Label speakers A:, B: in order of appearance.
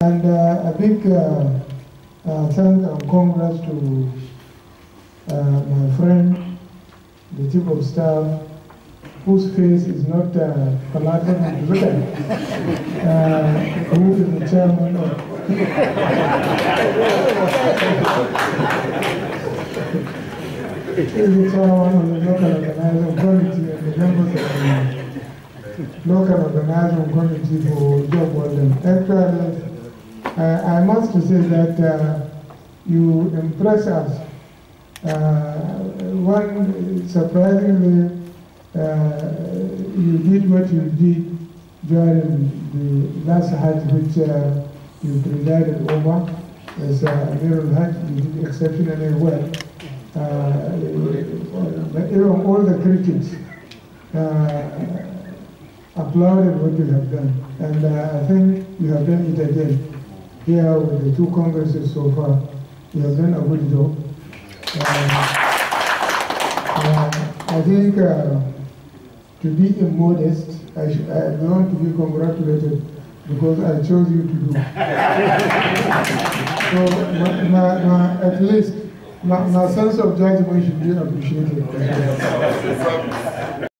A: And uh, a big uh, uh, thank and congrats to uh, my friend, the chief of staff, whose face is not collateral and written, who is the chairman of is the chairman of the local organizing committee and the members of the local organizing committee for job well done. Actually, uh, I must say that uh, you impress us. Uh, one, surprisingly, you did what you did during the last Hajj which uh, you presided over as a uh, Hajj, you did exceptionally well. Uh, even all the critics uh, applauded what you have done, and I think you have done it again here with the two congresses so far. You have done a good job. Uh, uh, I think uh, to be immodest, I, I want to be congratulated because I chose you to do. so my, my, my, at least my, my sense of judgment should be appreciated.